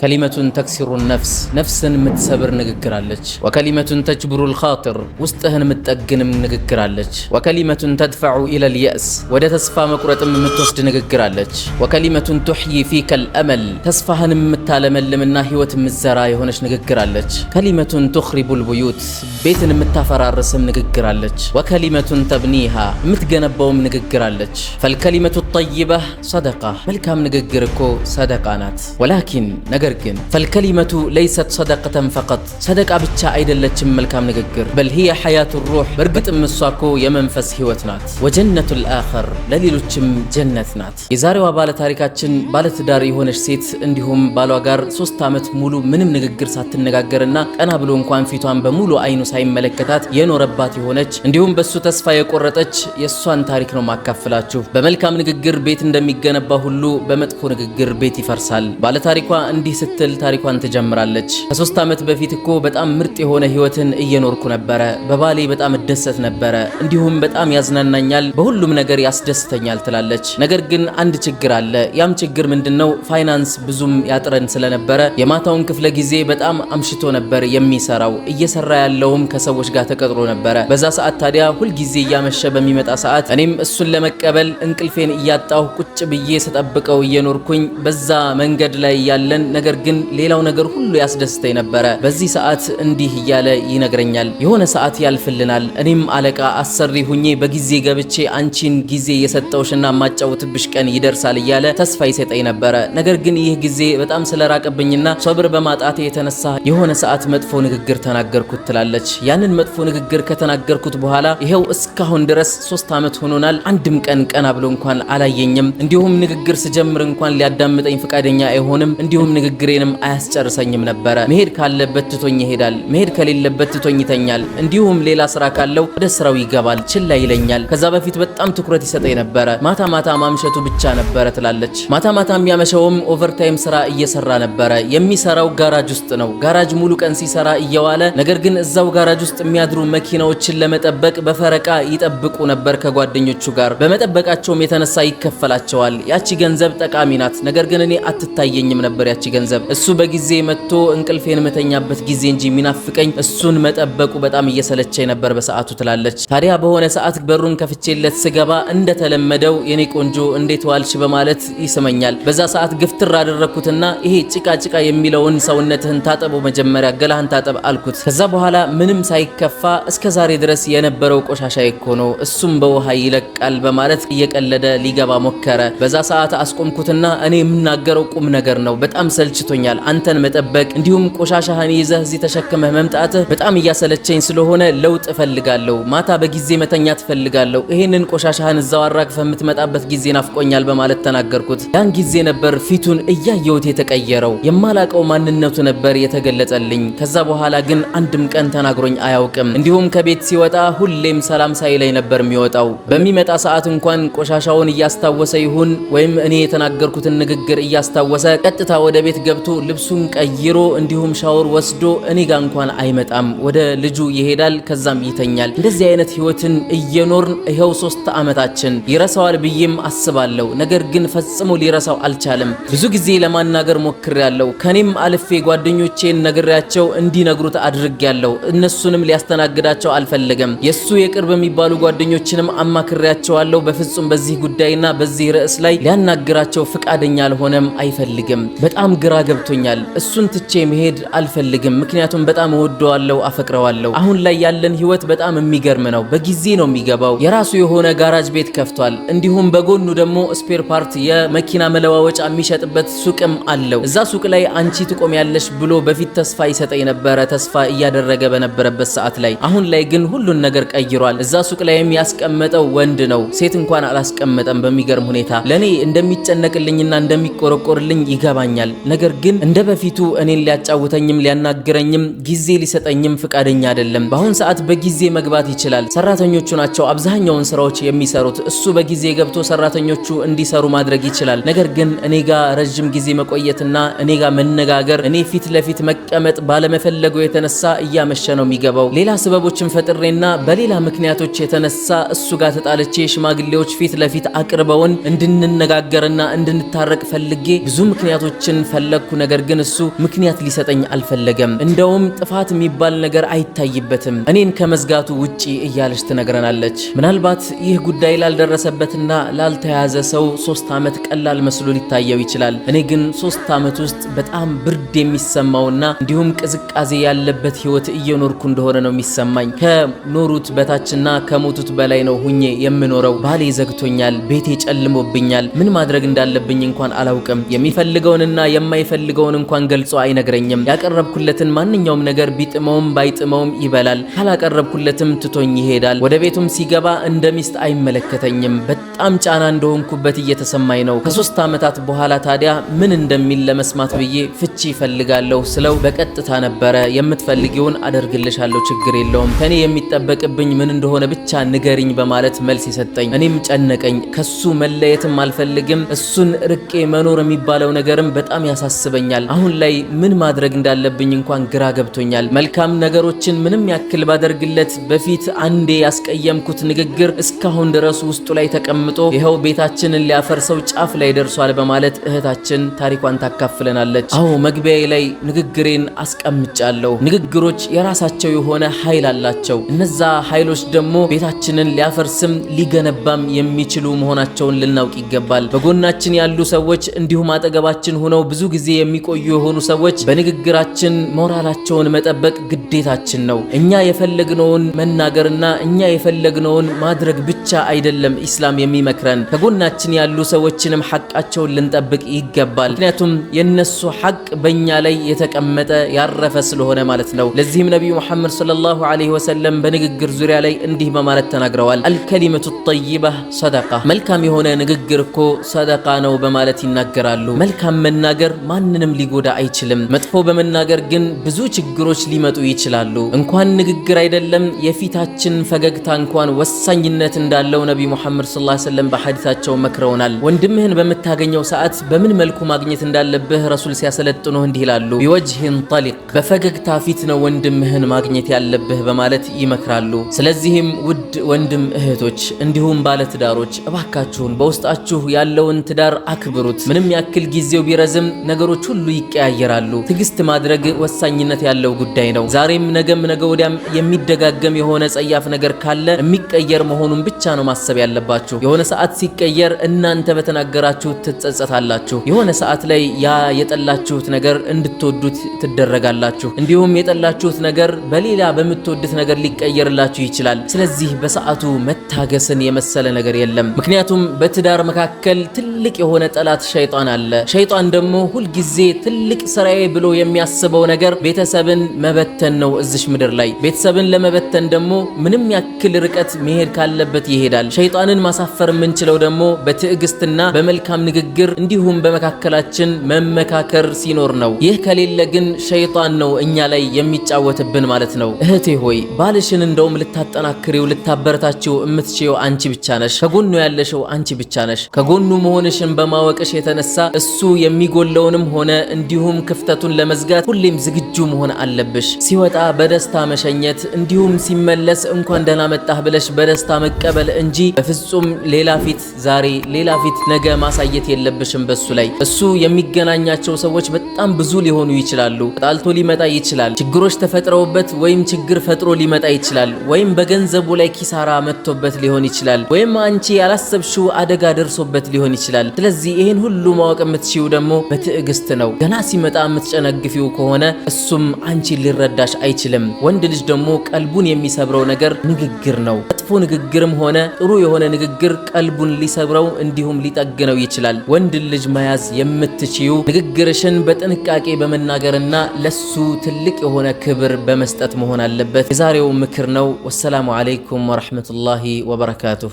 ከሊመቱን ተክሲሩ ነፍስ ነፍስን የምትሰብር ንግግር አለች። ወከሊመቱን ተጅብሩል ልኻጢር ውስጥህን የምትጠግንም ንግግር አለች። ወከሊመቱን ተድፈዑ ኢለል የእስ ወደ ተስፋ መቁረጥም የምትወስድ ንግግር አለች። ወከሊመቱን ቱሕይ ፊከል አመል ተስፋህን የምታለመልምና ህይወት የምትዘራ የሆነች ንግግር አለች። ከሊመቱን ቱኽሪቡ ልቡዩት ቤትን የምታፈራርስም ንግግር አለች። ወከሊመቱን ተብኒሃ የምትገነባውም ንግግር አለች። ፈልከሊመቱ ጠይባህ ሰደቃ መልካም ንግግር እኮ ሰደቃ ናት። ወላኪን ነገ ነገር ግን ፈልከሊመቱ ለይሰት ሰደቀተን ፈቀጥ ሰደቃ ብቻ አይደለችም መልካም ንግግር በል ሂየ ሐያቱ ሩሕ በእርግጥም እሷ እኮ የመንፈስ ህይወት ናት። ወጀነቱል አኸር ለሌሎችም ጀነት ናት። የዛሬዋ ባለ ታሪካችን ባለትዳር የሆነች ሴት እንዲሁም ባሏ ጋር ሶስት ዓመት ሙሉ ምንም ንግግር ሳትነጋገርና ቀና ብሎ እንኳን ፊቷን በሙሉ አይኑ ሳይመለከታት የኖረባት የሆነች እንዲሁም በሱ ተስፋ የቆረጠች የእሷን ታሪክ ነው ማካፍላችሁ። በመልካም ንግግር ቤት እንደሚገነባ ሁሉ በመጥፎ ንግግር ቤት ይፈርሳል። ባለታሪኳ እንዲህ ስትል ታሪኳን ትጀምራለች። ከሶስት ዓመት በፊት እኮ በጣም ምርጥ የሆነ ህይወትን እየኖርኩ ነበረ። በባሌ በጣም እደሰት ነበረ፣ እንዲሁም በጣም ያዝናናኛል፣ በሁሉም ነገር ያስደስተኛል ትላለች። ነገር ግን አንድ ችግር አለ። ያም ችግር ምንድነው? ፋይናንስ ብዙም ያጥረን ስለነበረ የማታውን ክፍለ ጊዜ በጣም አምሽቶ ነበር የሚሰራው። እየሰራ ያለውም ከሰዎች ጋር ተቀጥሮ ነበረ። በዛ ሰዓት ታዲያ ሁልጊዜ እያመሸ በሚመጣ ሰዓት እኔም እሱን ለመቀበል እንቅልፌን እያጣሁ ቁጭ ብዬ ስጠብቀው እየኖርኩኝ በዛ መንገድ ላይ ያለን ነገር ግን ሌላው ነገር ሁሉ ያስደስተኝ ነበረ። በዚህ ሰዓት እንዲህ እያለ ይነግረኛል። የሆነ ሰዓት ያልፍልናል። እኔም አለቃ አሰሪ ሁኜ በጊዜ ገብቼ አንቺን ጊዜ የሰጠውሽና ማጫወትብሽ ቀን ይደርሳል እያለ ተስፋ ይሰጠኝ ነበረ። ነገር ግን ይህ ጊዜ በጣም ስለራቀብኝና ሶብር በማጣት የተነሳ የሆነ ሰዓት መጥፎ ንግግር ተናገርኩት ትላለች። ያንን መጥፎ ንግግር ከተናገርኩት በኋላ ይሄው እስካሁን ድረስ ሶስት ዓመት ሆኖናል። አንድም ቀን ቀና ብሎ እንኳን አላየኝም። እንዲሁም ንግግር ስጀምር እንኳን ሊያዳምጠኝ ፈቃደኛ አይሆንም። እንዲሁም ንግግር ንግግሬንም አያስጨርሰኝም ነበረ። መሄድ ካለበት ትቶኝ ይሄዳል፣ መሄድ ከሌለበት ትቶኝ ይተኛል። እንዲሁም ሌላ ስራ ካለው ወደ ስራው ይገባል፣ ችላ ይለኛል። ከዛ በፊት በጣም ትኩረት ይሰጠኝ ነበረ። ማታ ማታ ማምሸቱ ብቻ ነበረ ትላለች። ማታ ማታ የሚያመሸውም ኦቨርታይም ስራ እየሰራ ነበረ። የሚሰራው ጋራጅ ውስጥ ነው። ጋራጅ ሙሉ ቀን ሲሰራ እየዋለ ነገር ግን እዛው ጋራጅ ውስጥ የሚያድሩ መኪናዎችን ለመጠበቅ በፈረቃ ይጠብቁ ነበር ከጓደኞቹ ጋር። በመጠበቃቸውም የተነሳ ይከፈላቸዋል። ያቺ ገንዘብ ጠቃሚ ናት፣ ነገር ግን እኔ አትታየኝም ነበር ያቺ ገንዘብ ገንዘብ እሱ በጊዜ መጥቶ እንቅልፍ የምተኛበት ጊዜ እንጂ የሚናፍቀኝ እሱን መጠበቁ በጣም እየሰለቸኝ ነበር በሰዓቱ ትላለች። ታዲያ በሆነ ሰዓት በሩን ከፍቼለት ስገባ እንደተለመደው የኔ ቆንጆ እንዴት ዋልሽ በማለት ይስመኛል። በዛ ሰዓት ግፍትር አደረግኩትና ይሄ ጭቃ ጭቃ የሚለውን ሰውነትህን ታጠቦ መጀመሪያ ገላህን ታጠብ አልኩት። ከዛ በኋላ ምንም ሳይከፋ እስከ ዛሬ ድረስ የነበረው ቆሻሻ እኮ ነው እሱም በውሃ ይለቃል በማለት እየቀለደ ሊገባ ሞከረ። በዛ ሰዓት አስቆምኩትና እኔ የምናገረው ቁም ነገር ነው በጣም ሰልች ሰልችቶኛል አንተን መጠበቅ እንዲሁም ቆሻሻህን ይዘህ እዚህ ተሸክመህ መምጣትህ በጣም እያሰለቸኝ ስለሆነ ለውጥ እፈልጋለሁ። ማታ በጊዜ መተኛት እፈልጋለሁ። ይሄንን ቆሻሻህን እዛው አራግፈህ የምትመጣበት ጊዜ ናፍቆኛል በማለት ተናገርኩት። ያን ጊዜ ነበር ፊቱን እያየሁት የተቀየረው። የማላቀው ማንነቱ ነበር የተገለጸልኝ። ከዛ በኋላ ግን አንድም ቀን ተናግሮኝ አያውቅም። እንዲሁም ከቤት ሲወጣ ሁሌም ሰላም ሳይለኝ ነበር የሚወጣው። በሚመጣ ሰዓት እንኳን ቆሻሻውን እያስታወሰ ይሁን ወይም እኔ የተናገርኩትን ንግግር እያስታወሰ ቀጥታ ወደ ቤት ገብቶ ልብሱን ቀይሮ እንዲሁም ሻወር ወስዶ እኔ ጋ እንኳን አይመጣም። ወደ ልጁ ይሄዳል፣ ከዛም ይተኛል። እንደዚህ አይነት ህይወትን እየኖርን ይኸው ሶስት ዓመታችን ይረሳዋል ብዬም አስባለሁ። ነገር ግን ፈጽሞ ሊረሳው አልቻለም። ብዙ ጊዜ ለማናገር ሞክሬያለሁ። ከኔም አልፌ ጓደኞቼን ነግሬያቸው እንዲነግሩት አድርጌያለሁ። እነሱንም ሊያስተናግዳቸው አልፈለገም። የሱ የቅርብ የሚባሉ ጓደኞችንም አማክሬያቸዋለሁ። በፍጹም በዚህ ጉዳይና በዚህ ርዕስ ላይ ሊያናግራቸው ፍቃደኛ አልሆነም፣ አይፈልግም። በጣም ግራ ግራ ገብቶኛል። እሱን ትቼ መሄድ አልፈልግም፣ ምክንያቱም በጣም እወደዋለሁ፣ አፈቅረዋለሁ። አሁን ላይ ያለን ህይወት በጣም የሚገርም ነው። በጊዜ ነው የሚገባው። የራሱ የሆነ ጋራጅ ቤት ከፍቷል። እንዲሁም በጎኑ ደግሞ ስፔር ፓርት የመኪና መለዋወጫ የሚሸጥበት ሱቅም አለው። እዛ ሱቅ ላይ አንቺ ትቆሚያለሽ ብሎ በፊት ተስፋ ይሰጠኝ ነበረ፣ ተስፋ እያደረገ በነበረበት ሰዓት ላይ። አሁን ላይ ግን ሁሉን ነገር ቀይሯል። እዛ ሱቅ ላይም ያስቀመጠው ወንድ ነው፣ ሴት እንኳን አላስቀመጠም። በሚገርም ሁኔታ ለኔ እንደሚጨነቅልኝና እንደሚቆረቆርልኝ ይገባኛል። ነገር ግን እንደ በፊቱ እኔን ሊያጫውተኝም ሊያናግረኝም ጊዜ ሊሰጠኝም ፍቃደኛ አይደለም። በአሁን ሰዓት በጊዜ መግባት ይችላል። ሰራተኞቹ ናቸው አብዛኛውን ስራዎች የሚሰሩት። እሱ በጊዜ ገብቶ ሰራተኞቹ እንዲሰሩ ማድረግ ይችላል። ነገር ግን እኔ ጋር ረጅም ጊዜ መቆየትና እኔ ጋር መነጋገር፣ እኔ ፊት ለፊት መቀመጥ ባለመፈለጉ የተነሳ እያመሸ ነው የሚገባው። ሌላ ሰበቦችን ፈጥሬና በሌላ ምክንያቶች የተነሳ እሱ ጋር ተጣልቼ ሽማግሌዎች ፊት ለፊት አቅርበውን እንድንነጋገርና እንድንታረቅ ፈልጌ ብዙ ምክንያቶችን ፈል ፈለግኩ፣ ነገር ግን እሱ ምክንያት ሊሰጠኝ አልፈለገም። እንደውም ጥፋት የሚባል ነገር አይታይበትም እኔን ከመዝጋቱ ውጪ እያለች ትነግረናለች። ምናልባት ይህ ጉዳይ ላልደረሰበትና ላልተያዘ ሰው ሶስት ዓመት ቀላል መስሎ ሊታየው ይችላል። እኔ ግን ሶስት ዓመት ውስጥ በጣም ብርድ የሚሰማውና እንዲሁም ቅዝቃዜ ያለበት ህይወት እየኖርኩ እንደሆነ ነው የሚሰማኝ። ከኖሩት በታችና ከሞቱት በላይ ነው ሁኜ የምኖረው። ባሌ ዘግቶኛል፣ ቤቴ ጨልሞብኛል፣ ምን ማድረግ እንዳለብኝ እንኳን አላውቅም። የሚፈልገውንና የማ የማይፈልገውን እንኳን ገልጾ አይነግረኝም። ያቀረብኩለትን ማንኛውም ነገር ቢጥመውም ባይጥመውም ይበላል፣ ካላቀረብኩለትም ትቶኝ ይሄዳል። ወደ ቤቱም ሲገባ እንደ ሚስት አይመለከተኝም። በጣም ጫና እንደሆንኩበት እየተሰማኝ ነው። ከሶስት ዓመታት በኋላ ታዲያ ምን እንደሚል ለመስማት ብዬ ፍቺ ይፈልጋለሁ ስለው በቀጥታ ነበረ የምትፈልጊውን አደርግልሻለሁ፣ ችግር የለውም ከኔ የሚጠበቅብኝ ምን እንደሆነ ብቻ ንገሪኝ በማለት መልስ የሰጠኝ። እኔም ጨነቀኝ። ከሱ መለየትም አልፈልግም። እሱን ርቄ መኖር የሚባለው ነገርም በጣም ያሳ ያሳስበኛል። አሁን ላይ ምን ማድረግ እንዳለብኝ እንኳን ግራ ገብቶኛል። መልካም ነገሮችን ምንም ያክል ባደርግለት በፊት አንዴ ያስቀየምኩት ንግግር እስካሁን ድረስ ውስጡ ላይ ተቀምጦ ይኸው ቤታችንን ሊያፈርሰው ጫፍ ላይ ደርሷል በማለት እህታችን ታሪኳን ታካፍለናለች። አዎ መግቢያ ላይ ንግግሬን አስቀምጫለሁ። ንግግሮች የራሳቸው የሆነ ኃይል አላቸው። እነዛ ኃይሎች ደግሞ ቤታችንን ሊያፈርስም ሊገነባም የሚችሉ መሆናቸውን ልናውቅ ይገባል። በጎናችን ያሉ ሰዎች እንዲሁም አጠገባችን ሆነው ብዙ ጊዜ የሚቆዩ የሆኑ ሰዎች በንግግራችን ሞራላቸውን መጠበቅ ግዴታችን ነው። እኛ የፈለግነውን መናገርና እኛ የፈለግነውን ማድረግ ብቻ አይደለም ኢስላም የሚመክረን። ከጎናችን ያሉ ሰዎችንም ሐቃቸውን ልንጠብቅ ይገባል። ምክንያቱም የነሱ ሐቅ በእኛ ላይ የተቀመጠ ያረፈ ስለሆነ ማለት ነው። ለዚህም ነቢዩ መሐመድ ሰለላሁ ዐለይሂ ወሰለም በንግግር ዙሪያ ላይ እንዲህ በማለት ተናግረዋል። አልከሊመቱ ጠይባ ሰደቃ፣ መልካም የሆነ ንግግር እኮ ሰደቃ ነው በማለት ይናገራሉ። መልካም መናገር ማንንም ሊጎዳ አይችልም። መጥፎ በመናገር ግን ብዙ ችግሮች ሊመጡ ይችላሉ። እንኳን ንግግር አይደለም የፊታችን ፈገግታ እንኳን ወሳኝነት እንዳለው ነቢዩ ሙሐመድ ሰለላሁ ዐለይሂ ወሰለም በሐዲታቸው መክረውናል። ወንድምህን በምታገኘው ሰዓት በምን መልኩ ማግኘት እንዳለብህ ረሱል ሲያሰለጥኑህ እንዲህ ይላሉ፣ ቢወጅህን ጠሊቅ፣ በፈገግታ ፊት ነው ወንድምህን ማግኘት ያለብህ በማለት ይመክራሉ። ስለዚህም ውድ ወንድም እህቶች፣ እንዲሁም ባለትዳሮች እባካችሁን በውስጣችሁ ያለውን ትዳር አክብሩት። ምንም ያክል ጊዜው ቢረዝም ነገሮች ሁሉ ይቀያየራሉ። ትዕግስት ማድረግ ወሳኝነት ያለው ጉዳይ ነው። ዛሬም፣ ነገም፣ ነገ ወዲያም የሚደጋገም የሆነ ጸያፍ ነገር ካለ የሚቀየር መሆኑን ብቻ ነው ማሰብ ያለባችሁ። የሆነ ሰዓት ሲቀየር እናንተ በተናገራችሁ ትጸጸታላችሁ። የሆነ ሰዓት ላይ ያ የጠላችሁት ነገር እንድትወዱት ትደረጋላችሁ። እንዲሁም የጠላችሁት ነገር በሌላ በምትወዱት ነገር ሊቀየርላችሁ ይችላል። ስለዚህ በሰዓቱ መታገስን የመሰለ ነገር የለም። ምክንያቱም በትዳር መካከል ትልቅ የሆነ ጠላት ሸይጣን አለ። ሸይጣን ደግሞ ሁል ጊዜ ትልቅ ስራዬ ብሎ የሚያስበው ነገር ቤተሰብን መበተን ነው። እዚሽ ምድር ላይ ቤተሰብን ለመበተን ደግሞ ምንም ያክል ርቀት መሄድ ካለበት ይሄዳል። ሸይጣንን ማሳፈር የምንችለው ደግሞ በትዕግስትና በመልካም ንግግር እንዲሁም በመካከላችን መመካከር ሲኖር ነው። ይህ ከሌለ ግን ሸይጣን ነው እኛ ላይ የሚጫወትብን ማለት ነው። እህቴ ሆይ ባልሽን እንደውም ልታጠናክሪው ልታበረታችው የምትችየው አንቺ ብቻ ነሽ። ከጎኑ ያለሽው አንቺ ብቻ ነሽ። ከጎኑ መሆንሽን በማወቅሽ የተነሳ እሱ የሚጎለው ያለውንም ሆነ እንዲሁም ክፍተቱን ለመዝጋት ሁሌም ዝግጁ መሆን አለብሽ። ሲወጣ በደስታ መሸኘት፣ እንዲሁም ሲመለስ እንኳን ደህና መጣህ ብለሽ በደስታ መቀበል እንጂ በፍጹም ሌላ ፊት ዛሬ ሌላ ፊት ነገ ማሳየት የለብሽም በሱ ላይ። እሱ የሚገናኛቸው ሰዎች በጣም ብዙ ሊሆኑ ይችላሉ። ጣልቶ ሊመጣ ይችላል። ችግሮች ተፈጥረውበት ወይም ችግር ፈጥሮ ሊመጣ ይችላል። ወይም በገንዘቡ ላይ ኪሳራ መጥቶበት ሊሆን ይችላል። ወይም አንቺ ያላሰብሽው አደጋ ደርሶበት ሊሆን ይችላል። ስለዚህ ይህን ሁሉ ማወቅ የምትችው ደግሞ በትዕ ትዕግስት ነው። ገና ሲመጣ የምትጨነግፊው ከሆነ እሱም አንቺን ሊረዳሽ አይችልም። ወንድ ልጅ ደግሞ ቀልቡን የሚሰብረው ነገር ንግግር ነው። መጥፎ ንግግርም ሆነ ጥሩ የሆነ ንግግር ቀልቡን ሊሰብረው እንዲሁም ሊጠግነው ይችላል። ወንድ ልጅ መያዝ የምትችዩ ንግግርሽን በጥንቃቄ በመናገርና ለሱ ትልቅ የሆነ ክብር በመስጠት መሆን አለበት። የዛሬው ምክር ነው። ወሰላሙ አለይኩም ወረህመቱላሂ ወበረካቱሁ።